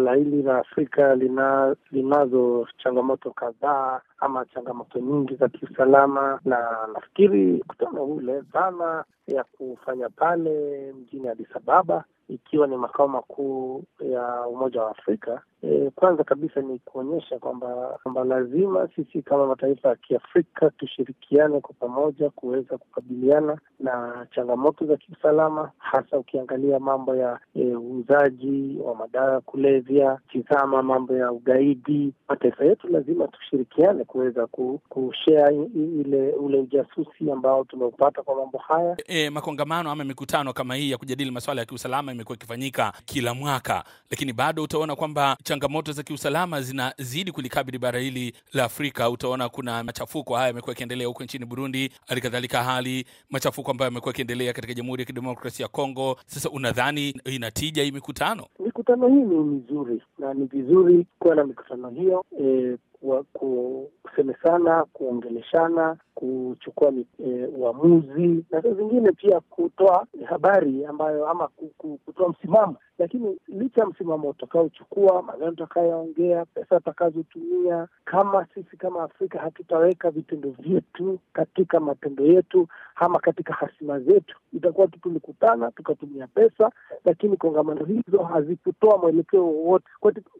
bara hili la Afrika lina, linazo changamoto kadhaa ama changamoto nyingi za kiusalama, na nafikiri mkutano ule dhana ya kufanya pale mjini Addis Ababa ikiwa ni makao makuu ya Umoja wa Afrika. E, kwanza kabisa ni kuonyesha kwamba kwamba lazima sisi kama mataifa ya Kiafrika tushirikiane kwa pamoja kuweza kukabiliana na changamoto za kiusalama, hasa ukiangalia mambo ya eh, uuzaji e, wa madawa ya kulevya, tizama mambo ya ugaidi. Mataifa yetu lazima tushirikiane kuweza kushea ile ule ujasusi ambao tumeupata kwa mambo haya. E, makongamano ama mikutano kama hii ya kujadili masuala ya kiusalama imekuwa ikifanyika kila mwaka, lakini bado utaona kwamba changamoto za kiusalama zinazidi kulikabili bara hili la Afrika. Utaona kuna machafuko haya yamekuwa yakiendelea huko nchini Burundi, hali kadhalika hali machafuko ambayo amekuwa akiendelea katika Jamhuri ya Kidemokrasia ya Kongo. Sasa unadhani inatija hii mikutano? Mikutano hii ni mizuri na ni vizuri kuwa na mikutano hiyo e, eh, kusemesana, kuongeleshana kuchukua e, uamuzi e, na saa zingine pia kutoa habari ambayo ama kutoa msimamo. Lakini licha ya msimamo utakaochukua, maneno utakayoongea, pesa utakazotumia, kama sisi kama Afrika hatutaweka vitendo vyetu katika matendo yetu ama katika hasima zetu, itakuwa tu tulikutana tukatumia pesa, lakini kongamano hizo hazikutoa mwelekeo wowote.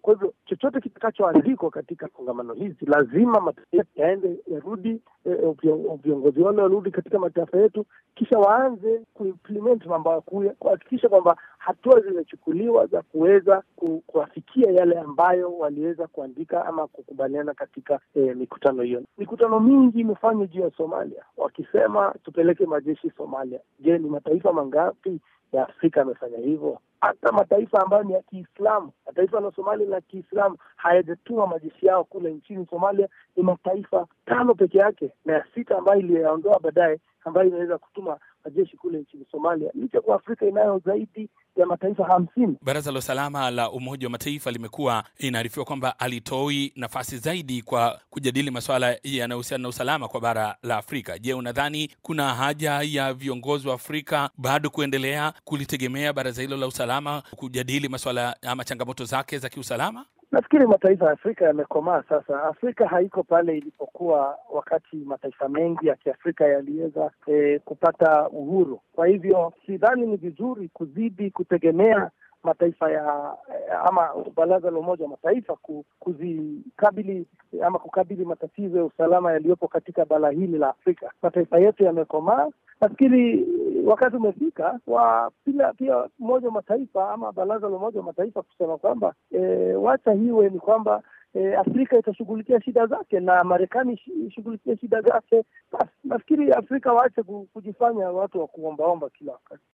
Kwa hivyo chochote kitakachoandikwa katika kongamano hizi lazima matendo yaende yarudi e, e viongozi wale warudi katika mataifa yetu, kisha waanze kuimplement mambo ya kuhakikisha kwamba hatua zimechukuliwa za kuweza kuwafikia yale ambayo waliweza kuandika ama kukubaliana katika eh, mikutano hiyo. Mikutano mingi imefanywa juu ya Somalia, wakisema tupeleke majeshi Somalia. Je, ni mataifa mangapi ya Afrika amefanya hivyo? hata mataifa ambayo ni ya Kiislamu, mataifa la Somalia la Kiislamu hayajatuma majeshi yao kule nchini Somalia. Ni mataifa tano peke yake na ya sita ambayo iliyaondoa baadaye, ambayo inaweza kutuma majeshi kule nchini Somalia, licha kuwa Afrika inayo zaidi ya mataifa hamsini. Baraza la Usalama la Umoja wa Mataifa limekuwa inaarifiwa kwamba alitoi nafasi zaidi kwa kujadili masuala yanayohusiana na usalama kwa bara la Afrika. Je, unadhani kuna haja ya viongozi wa Afrika bado kuendelea kulitegemea baraza hilo la usalama usalama kujadili masuala ama changamoto zake za kiusalama? Nafikiri mataifa ya Afrika yamekomaa sasa. Afrika haiko pale ilipokuwa wakati mataifa mengi ya Kiafrika yaliweza e, kupata uhuru. Kwa hivyo sidhani ni vizuri kuzidi kutegemea mataifa ya ama baraza la Umoja wa Mataifa kuzikabili ama kukabili matatizo ya usalama yaliyopo katika bara hili la Afrika. Mataifa yetu yamekomaa. Nafikiri wakati umefika wa pia Umoja wa Mataifa ama baraza la Umoja wa Mataifa kusema kwamba e, wacha hiwe ni kwamba e, Afrika itashughulikia shida zake na Marekani ishughulikie shida zake. Basi nafikiri Afrika waache kujifanya watu wa kuombaomba kila wakati.